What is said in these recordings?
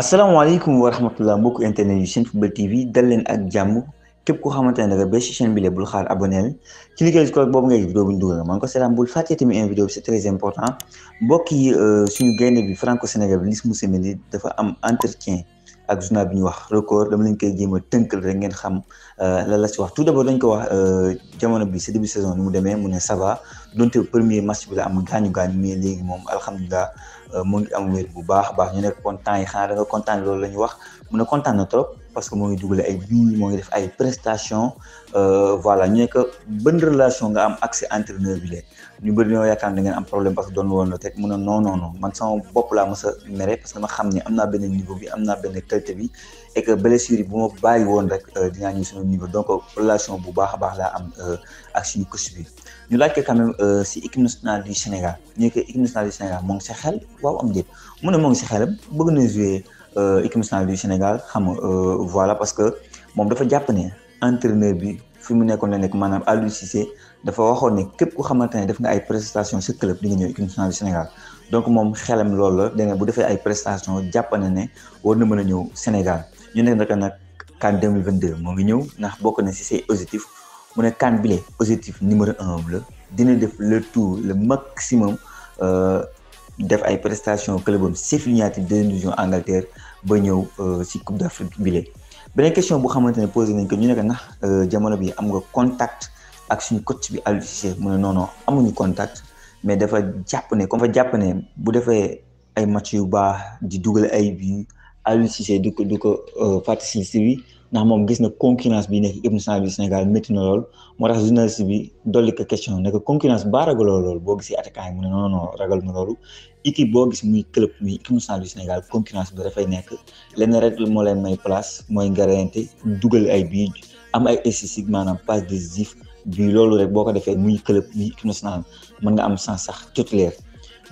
asalaamaaleykum wa rahmatulah mbokk internet yu seen football tv dal leen ak jàmm képp koo xamante ne daga ba si chaîne bi la bul xaar abonné ci liggéey ko boobu ngay vidéo bu ñu dugal maa ko seetaan bul fàtte tamit un vidéo bi c'est très important mbokk yi euh, suñu gaynde bi franco sénégal bi Lis Moussembeni dafa am entretien ak journal bi ñuy wax record dama leen koy jéem a tënkal rek ngeen xam euh, lan la ci wax tout d'abord dañ ko wax euh, jamono bi ci début saison ni mu demee mu ne ça va donte premier match bi la am gaañu gaañu mais léegi moom alhamdulilah euh, mu ngi am wér bu baax baax ñu nekk kontaan yi xanaa da nga kontaan loolu la ñu wax mu ne kontaan na trop. parce que moo ngi dugale ay bii moo ngi def ay prestation euh, voilà ñu ne que relation nga am accès entraîneur bi lee ñu bëri ñoo yaakaar ne ngeen am problème parce que doon woon la teg mu ne non non non sama xam ne am naa benn niveau bi am naa benn qualité bi et que blessure yi bu bàyyi woon rek euh, dinaa ñëw sama niveau bu baax a baax laa am euh, ak suñu coach bi ñu laaj si équipe nationale ñu ne que équipe nationale moo ngi sa xel waaw am déet mu ne moo na jouer. Euh, équipe nationale du Sénégal xam nga euh, voilà parce que moom dafa jàpp ne entraîneur bi fi mu nekkoon la nekk maanaam Aliou Cissé dafa waxoon ne képp ku xamante ne def nga ay prestations sa club di nga ñëw équipe nationale du Sénégal donc moom xelam loolu la dana bu defee ay prestation jàpp na ne war na mën a ñëw Sénégal ñu nekk naka nag CAN 2022 moo ngi ñëw ndax bokk na si say objectif mu ne CAN bile objectif numéro un la dina def le tout le maximum. Euh, def ay prestation clubam Sheffield United deuxième division Angleterre ba ñëw si euh, Coupe d'Afrique bi leen beneen question bu xamante ne posé nañ ko ñu ne nax ndax euh, jamono bi am nga contact ak suñu coach bi Aliou Cissé mu ne non amuñu contact mais dafa jàpp ne comme fa jàpp ne bu defee ay match yu baax di dugal ay bi Aliou Cissé du ko du ko participer euh, bi ndax moom gis na concurrence bi nekk équipe bi Sénégal métti na lool moo tax journaliste bi dolli concurrence baa ragaloo loolu boo gisee attaquant yi mu ne non non ragal na loolu équipe boo gis muy club dafay nekk lenn rek moo leen may place mooy nga dugal ay bii am ay esthétique maanaam passe décisif bi loolu rek boo ko defee muy club muy équipe nationale mën nga am san sax titulaire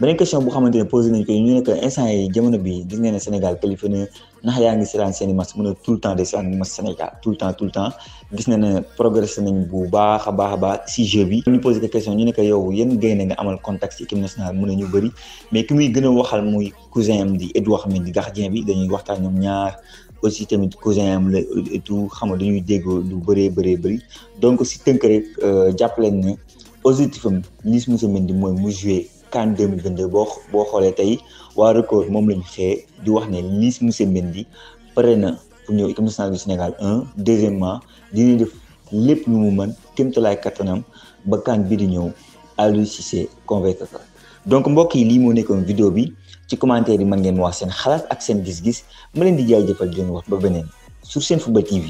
beneen question bu xamante ne posé nañ ko ñu ne que instant yi jamono bi gis ngeen ne Sénégal qualifié na ndax yaa ngi seetaan seen i match mën a tout le temps de seetaan match Sénégal tout le temps tout le temps gis na ne progressé nañ bu baax a baax a baax si jeu bi ñu posé ko question ñu ne que yow yéen gaynde nga amal contact si équipe nationale mën nañu bëri mais ki muy gën a waxal muy cousin am di Edouard Mendy di gardien bi dañuy waxtaan ñoom ñaar aussi tamit cousin am la et tout xam nga dañuy déggoo lu bëree bëree bëri donc si tënk rek euh, jàpp leen ne positif am Lys Moussa Mendy mooy mu joué CAN 2022 boo boo xoolee tey waa record moom la ñu xëyee di wax ne Lys monsieur Mendy pare na pour ñëw équipe nationale du Sénégal un deuxièmement dina def lépp lu mu mën témtalaay kattanam ba CAN bi di ñëw Aliou Cissé convaincre ko donc mbokk yi lii moo nekkoon vidéo bi ci commentaire yi man ngeen wax seen xalaat ak seen gis-gis ma leen di jaajëfal jëfal leen wax ba beneen sur Senfootball TV